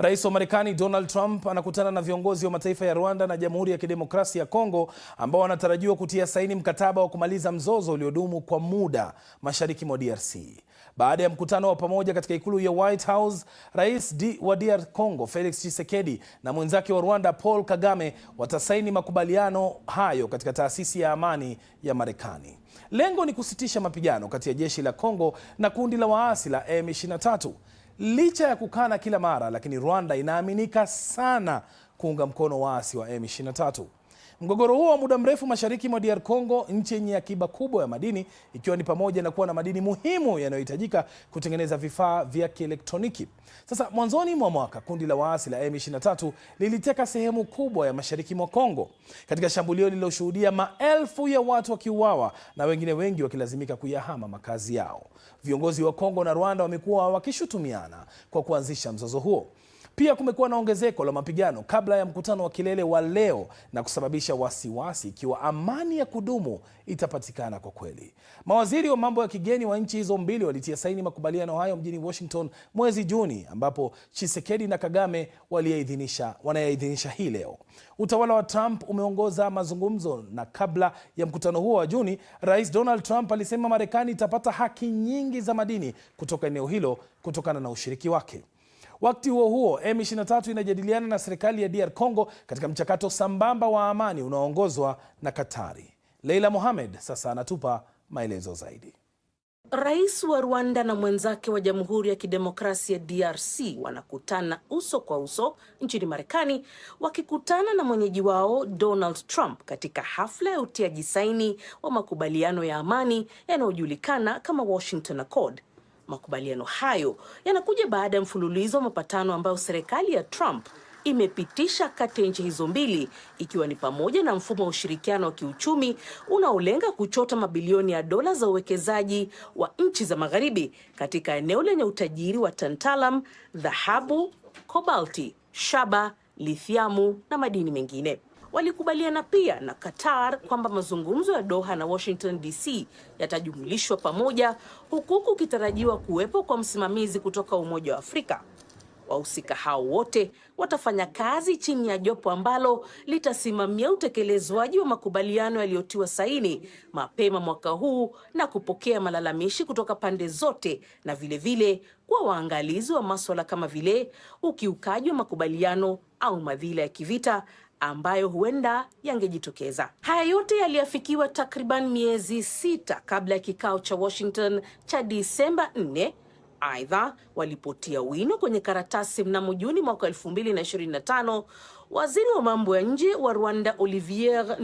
Rais wa Marekani Donald Trump anakutana na viongozi wa mataifa ya Rwanda na Jamhuri ya Kidemokrasia ya Kongo ambao wanatarajiwa kutia saini mkataba wa kumaliza mzozo uliodumu kwa muda mashariki mwa DRC. Baada ya mkutano wa pamoja katika ikulu ya White House, Rais wa DR Congo Felix Tshisekedi na mwenzake wa Rwanda Paul Kagame watasaini makubaliano hayo katika taasisi ya amani ya Marekani. Lengo ni kusitisha mapigano kati ya jeshi la Kongo na kundi la waasi la M23. Licha ya kukana kila mara, lakini Rwanda inaaminika sana kuunga mkono waasi wa M23. Mgogoro huo wa muda mrefu mashariki mwa DR Congo, nchi yenye akiba kubwa ya madini ikiwa ni pamoja na kuwa na madini muhimu yanayohitajika kutengeneza vifaa vya kielektroniki. Sasa mwanzoni mwa mwaka kundi la waasi la M23 liliteka sehemu kubwa ya mashariki mwa Congo katika shambulio lililoshuhudia maelfu ya watu wakiuawa na wengine wengi wakilazimika kuyahama makazi yao. Viongozi wa Kongo na Rwanda wamekuwa wakishutumiana kwa kuanzisha mzozo huo. Pia kumekuwa na ongezeko la mapigano kabla ya mkutano wa kilele wa leo na kusababisha wasiwasi ikiwa amani ya kudumu itapatikana kwa kweli. Mawaziri wa mambo ya kigeni wa nchi hizo mbili walitia saini makubaliano hayo mjini Washington mwezi Juni, ambapo chisekedi na Kagame wanayaidhinisha hii leo. Utawala wa Trump umeongoza mazungumzo, na kabla ya mkutano huo wa Juni, Rais Donald Trump alisema Marekani itapata haki nyingi za madini kutoka eneo hilo kutokana na ushiriki wake. Wakati huo huo, M23 inajadiliana na serikali ya DR Congo katika mchakato sambamba wa amani unaoongozwa na Katari. Leila Mohamed sasa anatupa maelezo zaidi. Rais wa Rwanda na mwenzake wa Jamhuri ya Kidemokrasia DRC wanakutana uso kwa uso nchini Marekani wakikutana na mwenyeji wao Donald Trump katika hafla ya utiaji saini wa makubaliano ya amani yanayojulikana kama Washington Accord. Makubaliano hayo yanakuja baada ya mfululizo wa mapatano ambayo serikali ya Trump imepitisha kati ya nchi hizo mbili ikiwa ni pamoja na mfumo wa ushirikiano wa kiuchumi unaolenga kuchota mabilioni ya dola za uwekezaji wa nchi za magharibi katika eneo lenye utajiri wa tantalam, dhahabu, kobalti, shaba, lithiamu na madini mengine walikubaliana pia na Qatar kwamba mazungumzo ya Doha na Washington DC yatajumulishwa pamoja, huku kukitarajiwa kuwepo kwa msimamizi kutoka Umoja wa Afrika. Wahusika hao wote watafanya kazi chini ya jopo ambalo litasimamia utekelezwaji wa makubaliano yaliyotiwa saini mapema mwaka huu na kupokea malalamishi kutoka pande zote na vilevile kuwa waangalizi wa maswala kama vile ukiukaji wa makubaliano au madhila ya kivita ambayo huenda yangejitokeza. Haya yote yaliafikiwa takriban miezi sita kabla ya kikao cha Washington cha Disemba 4. Aidha, walipotia wino kwenye karatasi mnamo Juni mwaka 2025 Waziri wa mambo ya nje wa Rwanda Olivier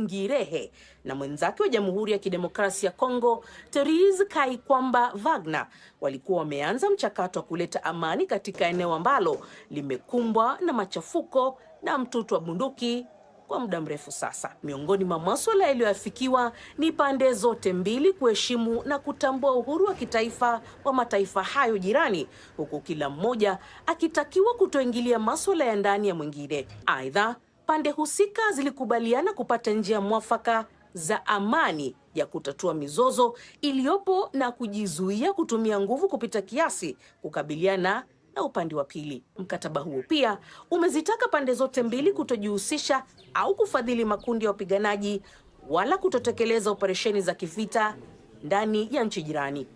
ngirehe na mwenzake wa Jamhuri ya Kidemokrasia ya Kongo Therese Kaikwamba Wagner walikuwa wameanza mchakato wa kuleta amani katika eneo ambalo limekumbwa na machafuko na mtutu wa bunduki kwa muda mrefu sasa. Miongoni mwa masuala yaliyoafikiwa ni pande zote mbili kuheshimu na kutambua uhuru wa kitaifa wa mataifa hayo jirani, huku kila mmoja akitakiwa kutoingilia masuala ya ndani ya mwingine. Aidha, pande husika zilikubaliana kupata njia mwafaka za amani ya kutatua mizozo iliyopo na kujizuia kutumia nguvu kupita kiasi kukabiliana na upande wa pili. Mkataba huo pia umezitaka pande zote mbili kutojihusisha au kufadhili makundi ya wapiganaji wala kutotekeleza operesheni za kivita ndani ya nchi jirani.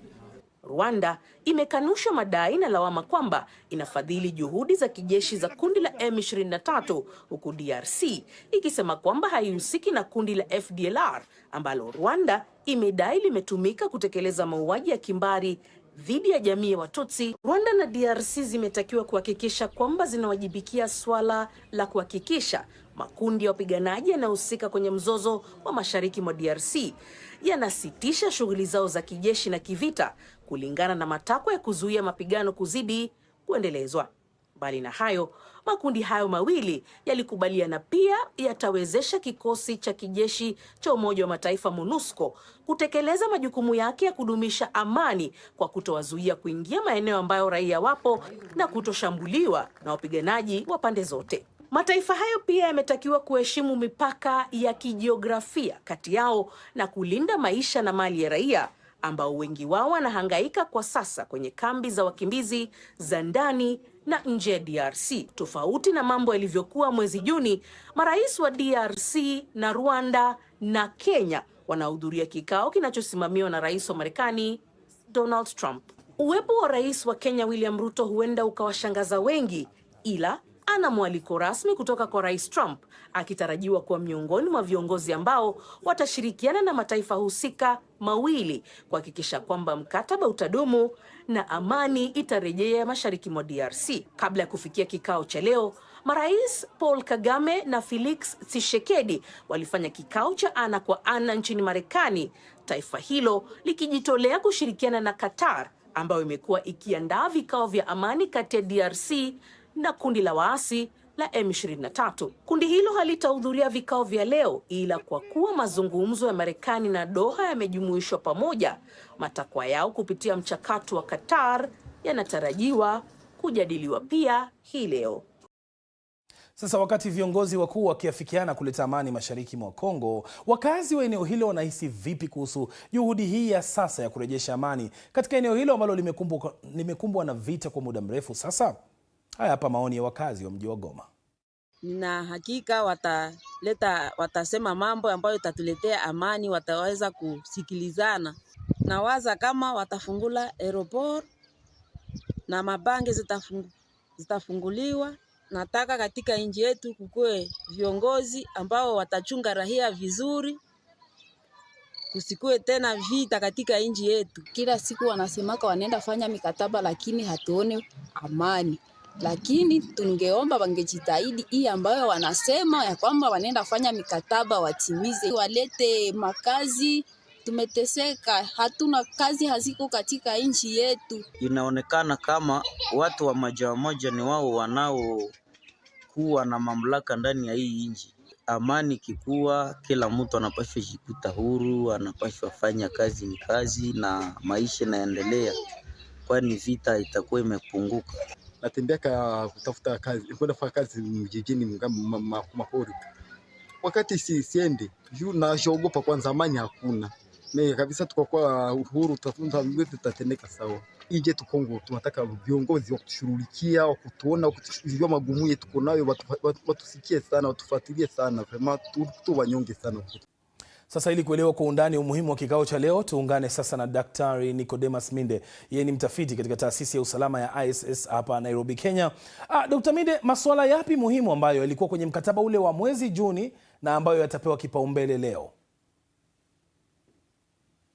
Rwanda imekanusha madai na lawama kwamba inafadhili juhudi za kijeshi za kundi la M23 huku DRC ikisema kwamba haihusiki na kundi la FDLR ambalo Rwanda imedai limetumika kutekeleza mauaji ya kimbari dhidi ya jamii ya Watutsi, Rwanda na DRC zimetakiwa kuhakikisha kwamba zinawajibikia swala la kuhakikisha makundi ya wapiganaji yanayohusika kwenye mzozo wa mashariki mwa DRC yanasitisha shughuli zao za kijeshi na kivita kulingana na matakwa ya kuzuia mapigano kuzidi kuendelezwa. Mbali na hayo, makundi hayo mawili yalikubaliana pia yatawezesha kikosi cha kijeshi cha Umoja wa Mataifa MONUSCO kutekeleza majukumu yake ya kudumisha amani kwa kutowazuia kuingia maeneo ambayo raia wapo na kutoshambuliwa na wapiganaji wa pande zote. Mataifa hayo pia yametakiwa kuheshimu mipaka ya kijiografia kati yao na kulinda maisha na mali ya raia ambao wengi wao wanahangaika kwa sasa kwenye kambi za wakimbizi za ndani na nje ya DRC. Tofauti na mambo yalivyokuwa mwezi Juni, marais wa DRC na Rwanda na Kenya wanahudhuria kikao kinachosimamiwa na rais wa Marekani Donald Trump. Uwepo wa rais wa Kenya William Ruto huenda ukawashangaza wengi, ila ana mwaliko rasmi kutoka kwa Rais Trump akitarajiwa kuwa miongoni mwa viongozi ambao watashirikiana na mataifa husika mawili kuhakikisha kwamba mkataba utadumu na amani itarejea mashariki mwa DRC. Kabla ya kufikia kikao cha leo, marais Paul Kagame na Felix Tshisekedi walifanya kikao cha ana kwa ana nchini Marekani, taifa hilo likijitolea kushirikiana na Qatar ambayo imekuwa ikiandaa vikao vya amani kati ya DRC na kundi la waasi la M23. Kundi hilo halitahudhuria vikao vya leo, ila kwa kuwa mazungumzo ya Marekani na Doha yamejumuishwa pamoja, matakwa yao kupitia mchakato wa Qatar yanatarajiwa kujadiliwa pia hii leo. Sasa wakati viongozi wakuu wakiafikiana kuleta amani mashariki mwa Kongo, wakazi wa eneo hilo wanahisi vipi kuhusu juhudi hii ya sasa ya kurejesha amani katika eneo hilo ambalo limekumbwa na vita kwa muda mrefu sasa? Haya hapa maoni ya wakazi wa mji wa Goma. Na hakika wataleta, watasema mambo ambayo itatuletea amani, wataweza kusikilizana na waza kama watafungula aeroport na mabange zitafungu, zitafunguliwa. Nataka katika nchi yetu kukue viongozi ambao watachunga raia vizuri, kusikue tena vita katika nchi yetu. Kila siku wanasemaka wanaenda fanya mikataba, lakini hatuone amani lakini tungeomba wangejitahidi hii ambayo wanasema ya kwamba wanaenda fanya mikataba watimize, walete makazi. Tumeteseka, hatuna kazi, haziko katika nchi yetu. Inaonekana kama watu wa moja moja ni wao wanaokuwa na mamlaka ndani ya hii nchi. Amani kikuwa kila mtu anapashwa jikuta huru, anapashwa fanya kazi ni kazi, na maisha inaendelea, kwani vita itakuwa imepunguka natembeka kutafuta kazi, kwenda kufanya kazi mjijini Makori. Wakati si siende juu nashogopa kwanza, amani hakuna me kabisa. Tukakuwa uhuru, tutafunza mwetu, tutatendeka sawa. Ije tukongo, tunataka viongozi wa kutushughulikia, wa kutuona, wa kutujua magumu yetu tuko nayo, watusikie sana, watufuatilie sana, vraiment tu wanyonge sana. Sasa ili kuelewa kwa undani umuhimu wa kikao cha leo, tuungane sasa na Daktari Nicodemus Minde. Yeye ni mtafiti katika taasisi ya usalama ya ISS hapa Nairobi, Kenya. Ah, Dr. Minde, masuala yapi muhimu ambayo yalikuwa kwenye mkataba ule wa mwezi Juni na ambayo yatapewa kipaumbele leo?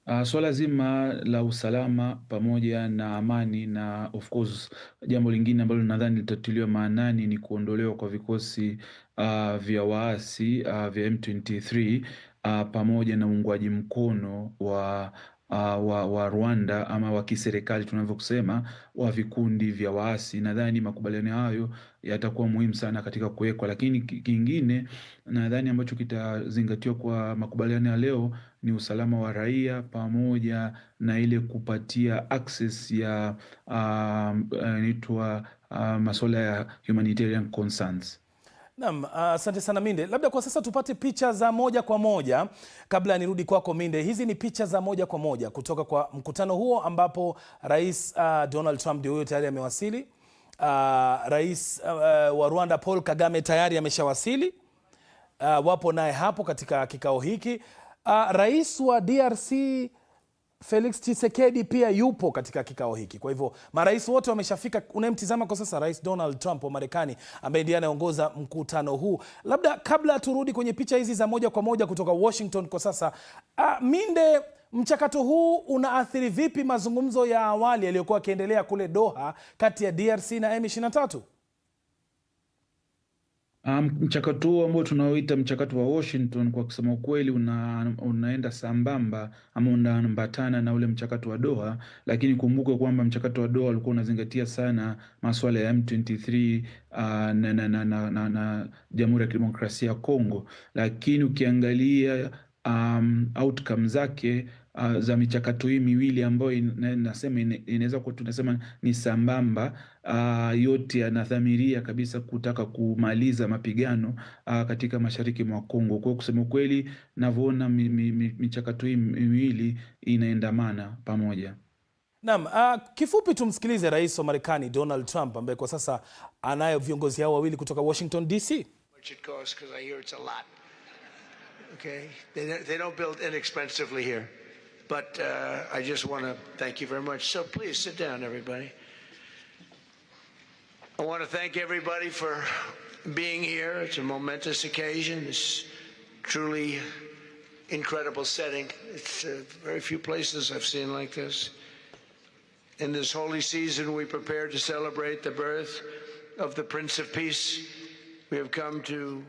Uh, swala zima la usalama pamoja na amani na of course, jambo lingine ambalo nadhani litatiliwa maanani ni kuondolewa kwa vikosi uh, vya waasi uh, vya M23 uh, pamoja na uungwaji mkono wa Uh, wa, wa Rwanda ama wa kiserikali tunavyokusema wa vikundi vya waasi. Nadhani makubaliano hayo yatakuwa muhimu sana katika kuwekwa, lakini kingine nadhani ambacho kitazingatiwa kwa makubaliano ya leo ni usalama wa raia pamoja na ile kupatia access ya uh, uh, uh, masuala ya humanitarian concerns. Naam, asante uh, sana Minde. Labda kwa sasa tupate picha za moja kwa moja kabla nirudi kwako Minde. Hizi ni picha za moja kwa moja kutoka kwa mkutano huo ambapo Rais uh, Donald Trump ndio huyo tayari amewasili. Uh, Rais uh, uh wa Rwanda Paul Kagame tayari ameshawasili. Uh, wapo naye hapo katika kikao hiki. Uh, Rais wa DRC Felix Tshisekedi pia yupo katika kikao hiki. Kwa hivyo marais wote wameshafika. Unayemtizama kwa sasa Rais Donald Trump wa Marekani ambaye ndiye anaongoza mkutano huu. Labda kabla turudi kwenye picha hizi za moja kwa moja kutoka Washington kwa sasa, a, ah, Minde, mchakato huu unaathiri vipi mazungumzo ya awali yaliyokuwa yakiendelea kule Doha kati ya DRC na M23? Ah, mchakato huo ambao tunaoita mchakato wa Washington kwa kusema ukweli una, unaenda sambamba ama unaambatana na ule mchakato wa Doha, lakini kumbuke kwamba mchakato wa Doha ulikuwa unazingatia sana masuala ya M23 uh, ah, na, na, na, na, na, na Jamhuri ya Kidemokrasia ya Kongo, lakini ukiangalia um, outcome zake uh, za michakato hii miwili ambayo inasema inaweza kuwa tunasema ni sambamba uh, yote yanadhamiria kabisa kutaka kumaliza mapigano uh, katika mashariki mwa Kongo. Kwa kusema ukweli, navyoona mi, mi, mi, michakato hii miwili inaendamana pamoja. Naam, uh, kifupi tumsikilize Rais wa Marekani Donald Trump ambaye kwa sasa anayo viongozi hao wawili kutoka Washington DC. Okay. They they don't build inexpensively here. But uh, I just want to thank you very much. So please sit down, everybody. I want to thank everybody for being here. It's a momentous occasion. It's truly incredible setting. It's uh, very few places I've seen like this. In this holy season, we prepare to celebrate the birth of the Prince of Peace. We have come to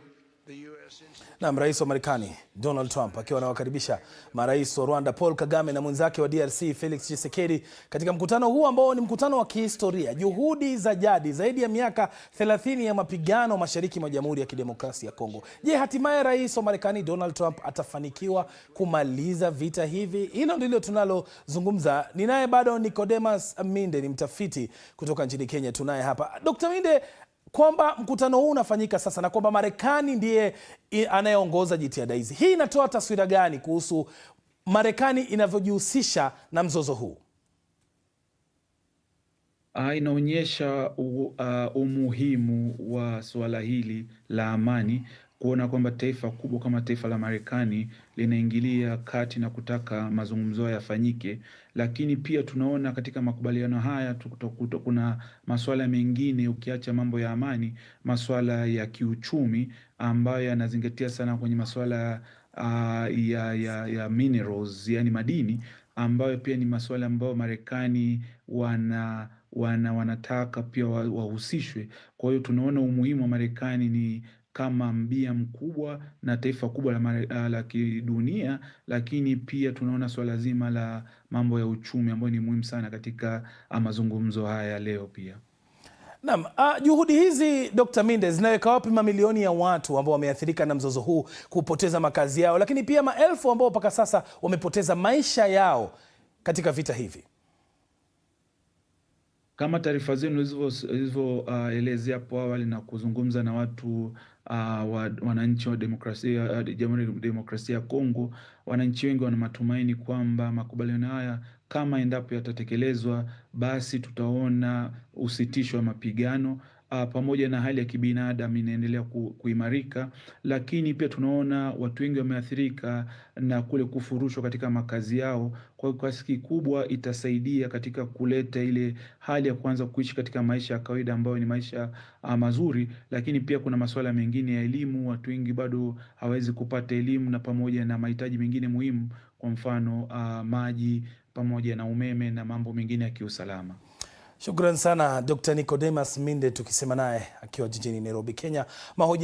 Nam, rais wa Marekani Donald Trump akiwa anawakaribisha marais wa Rwanda Paul Kagame na mwenzake wa DRC Felix Tshisekedi katika mkutano huu ambao ni mkutano wa kihistoria, juhudi za jadi zaidi ya miaka 30 ya mapigano mashariki mwa Jamhuri ya Kidemokrasia ya Kongo. Je, hatimaye rais wa Marekani Donald Trump atafanikiwa kumaliza vita hivi? Hilo ndilo tunalozungumza. Ninaye bado Nicodemus Minde, ni mtafiti kutoka nchini Kenya. Tunaye hapa Dr. Minde kwamba mkutano huu unafanyika sasa na kwamba Marekani ndiye anayeongoza jitihada hizi. Hii inatoa taswira gani kuhusu Marekani inavyojihusisha na mzozo huu? Ah, inaonyesha uh, umuhimu wa suala hili la amani kuona kwamba taifa kubwa kama taifa la Marekani linaingilia kati na kutaka mazungumzo hayo yafanyike, lakini pia tunaona katika makubaliano haya tukuto, kuna masuala mengine ukiacha mambo ya amani, masuala ya kiuchumi ambayo yanazingatia sana kwenye masuala uh, ah, ya, ya, ya minerals, yani madini ambayo pia ni masuala ambayo Marekani wana wana wanataka pia wahusishwe. Kwa hiyo tunaona umuhimu wa Marekani ni kama mbia mkubwa na taifa kubwa la, la kidunia, lakini pia tunaona swala zima la mambo ya uchumi ambayo ni muhimu sana katika ah, mazungumzo haya leo pia. Naam, uh, juhudi hizi Dr. Minde zinaweka wapi mamilioni ya watu ambao wameathirika na mzozo huu kupoteza makazi yao, lakini pia maelfu ambao mpaka sasa wamepoteza maisha yao katika vita hivi? Kama taarifa zenu ilivyoelezea ah, uh, hapo awali na kuzungumza na watu uh, wa, wananchi wa demokrasia uh, ya Demokrasia ya Kongo, wananchi wengi wana matumaini kwamba makubaliano haya kama endapo yatatekelezwa, basi tutaona usitisho wa mapigano uh, pamoja na hali ya kibinadamu inaendelea ku, kuimarika, lakini pia tunaona watu wengi wameathirika na kule kufurushwa katika makazi yao. Kwa kiasi kikubwa itasaidia katika kuleta ile hali ya kuanza kuishi katika maisha ya kawaida ambayo ni maisha uh, mazuri, lakini pia kuna masuala mengine ya elimu. Watu wengi bado hawawezi kupata elimu na pamoja na mahitaji mengine muhimu, kwa mfano uh, maji pamoja na umeme na mambo mengine ya kiusalama. Shukrani sana Dr. Nicodemus Minde tukisema naye akiwa jijini Nairobi, Kenya. Mahoji